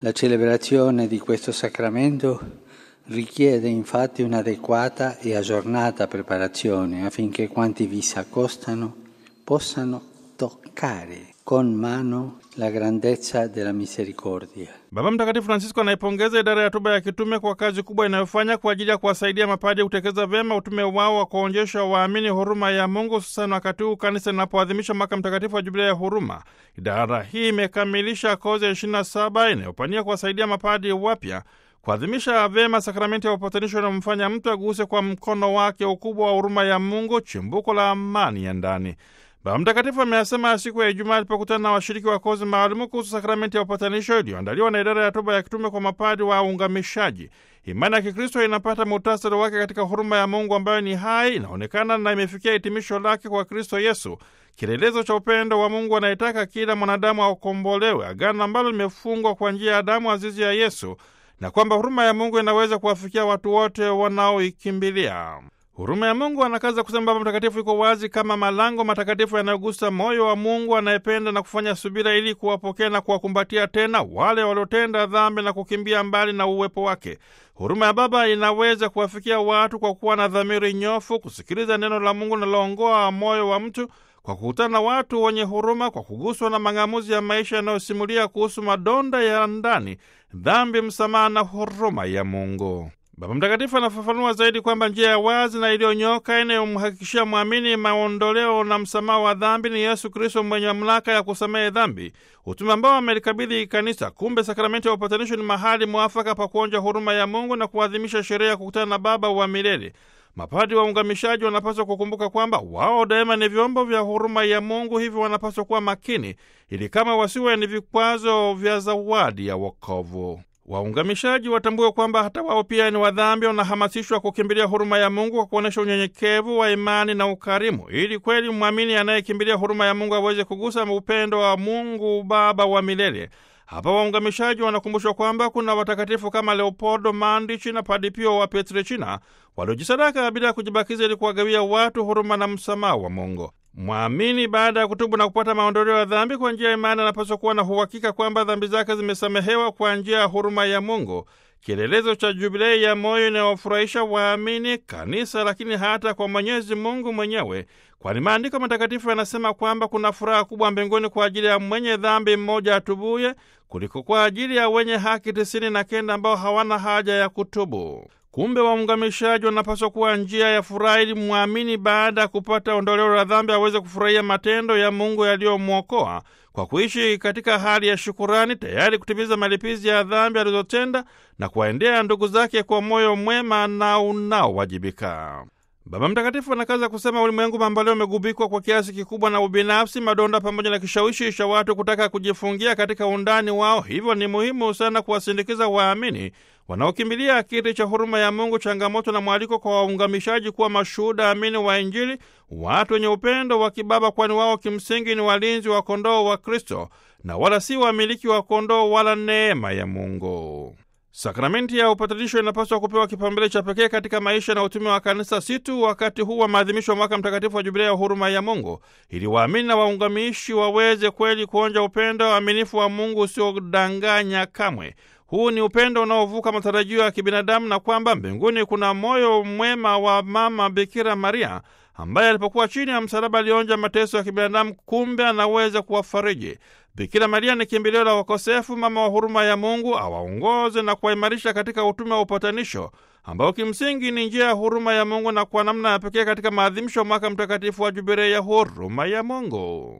La celebrazione di questo sacramento richiede infatti un'adeguata e aggiornata preparazione affinché quanti vi si accostano possano toccare con mano la grandezza della misericordia. Baba Mtakatifu Francisco anaipongeza idara ya tuba ya kitume kwa kazi kubwa inayofanya kwa ajili ya kuwasaidia mapadri kutekeleza vyema utume wao wa kuonyesha waamini huruma ya Mungu, hususani wakati huu kanisa linapoadhimisha mwaka mtakatifu wa jubilia ya huruma. Idara hii imekamilisha kozi ya 27 inayopania kuwasaidia mapadri wapya kuadhimisha vyema sakramenti ya upatanisho inamfanya mtu aguse kwa mkono wake ukubwa wa huruma ya Mungu, chimbuko la amani ya ndani. Baba Mtakatifu ameyasema siku ya Ijumaa alipokutana na washiriki wa kozi maalumu kuhusu sakramenti ya upatanisho iliyoandaliwa na idara ya toba ya kitume kwa mapadi wa uungamishaji. Imani ya Kikristo inapata muhtasari wake katika huruma ya Mungu ambayo ni hai, inaonekana na imefikia hitimisho lake kwa Kristo Yesu, kielelezo cha upendo wa Mungu anayetaka kila mwanadamu akombolewe, agano ambalo limefungwa kwa njia ya damu azizi ya Yesu, na kwamba huruma ya Mungu inaweza kuwafikia watu wote wanaoikimbilia. Huruma ya Mungu anakaza kusema Baba Mtakatifu iko wazi kama malango matakatifu yanayogusa moyo wa Mungu anayependa na kufanya subira ili kuwapokea na kuwakumbatia tena wale waliotenda dhambi na kukimbia mbali na uwepo wake. Huruma ya Baba inaweza kuwafikia watu kwa kuwa na dhamiri nyofu, kusikiliza neno la Mungu linaloongoa moyo wa mtu, kwa kukutana na watu wenye huruma, kwa kuguswa na mang'amuzi ya maisha yanayosimulia kuhusu madonda ya ndani, dhambi, msamaha na huruma ya Mungu. Baba Mtakatifu anafafanua zaidi kwamba njia ya wazi na iliyonyoka inayomhakikishia mwamini maondoleo na msamaha wa dhambi ni Yesu Kristo mwenye mamlaka ya kusamehe dhambi, utume ambao amelikabidhi Kanisa. Kumbe sakramenti ya upatanisho ni mahali mwafaka pa kuonja huruma ya Mungu na kuadhimisha sherehe ya kukutana na Baba wa milele. Mapadi waungamishaji wanapaswa kukumbuka kwamba wao daima ni vyombo vya huruma ya Mungu, hivyo wanapaswa kuwa makini ili kama wasiwe ni vikwazo vya zawadi ya wokovu. Waungamishaji watambue kwamba hata wao pia ni wadhambi, wanahamasishwa kukimbilia huruma ya Mungu kwa kuonyesha unyenyekevu wa imani na ukarimu, ili kweli mwamini anayekimbilia huruma ya Mungu aweze kugusa upendo wa Mungu Baba wa milele. Hapa waungamishaji wanakumbushwa kwamba kuna watakatifu kama Leopoldo Mandichi na Padipio wa Petrechina waliojisadaka bila kujibakiza ili kuwagawia watu huruma na msamaha wa Mungu. Mwamini baada ya kutubu na kupata maondoleo ya dhambi kwa njia ya imani anapaswa kuwa na uhakika kwamba dhambi zake zimesamehewa kwa njia ya huruma ya Mungu, kielelezo cha jubilei ya moyo inayowafurahisha waamini, kanisa, lakini hata kwa Mwenyezi Mungu mwenyewe, kwani maandiko matakatifu yanasema kwamba kuna furaha kubwa mbinguni kwa ajili ya mwenye dhambi mmoja atubuye kuliko kwa ajili ya wenye haki tisini na kenda ambao hawana haja ya kutubu. Kumbe waungamishaji wanapaswa kuwa njia ya furaha ili mwamini baada ya kupata ondoleo la dhambi aweze kufurahia matendo ya Mungu yaliyomwokoa kwa kuishi katika hali ya shukurani, tayari kutimiza malipizi ya dhambi alizotenda na kuwaendea ndugu zake kwa moyo mwema na unaowajibika. Baba Mtakatifu anakaza kusema ulimwengu mambo leo umegubikwa kwa kiasi kikubwa na ubinafsi, madonda pamoja na kishawishi cha watu kutaka kujifungia katika undani wao. Hivyo ni muhimu sana kuwasindikiza waamini wanaokimbilia kiti cha huruma ya Mungu, changamoto na mwaliko kwa waungamishaji kuwa mashuhuda amini wa Injili, watu wenye upendo wa kibaba, kwani wao kimsingi ni walinzi wa kondoo wa Kristo na wala si wamiliki wa kondoo wala neema ya Mungu. Sakramenti ya upatanisho inapaswa kupewa kipaumbele cha pekee katika maisha na utume wa kanisa, si tu wakati huu wa maadhimisho ya mwaka mtakatifu wa Jubilia ya huruma ya Mungu, ili waamini na waungamishi waweze kweli kuonja upendo waaminifu wa Mungu usiodanganya kamwe. Huu ni upendo unaovuka matarajio ya kibinadamu, na kwamba mbinguni kuna moyo mwema wa Mama Bikira Maria ambaye alipokuwa chini ya msalaba alionja mateso ya kibinadamu, kumbe anaweza kuwafariji. Bikira Maria ni kimbilio la wakosefu, mama wa huruma ya Mungu, awaongoze na kuwaimarisha katika utume wa upatanisho ambao kimsingi ni njia ya huruma ya Mungu, na kwa namna ya pekee katika maadhimisho mwaka mtakatifu wa jubilei ya huruma ya Mungu.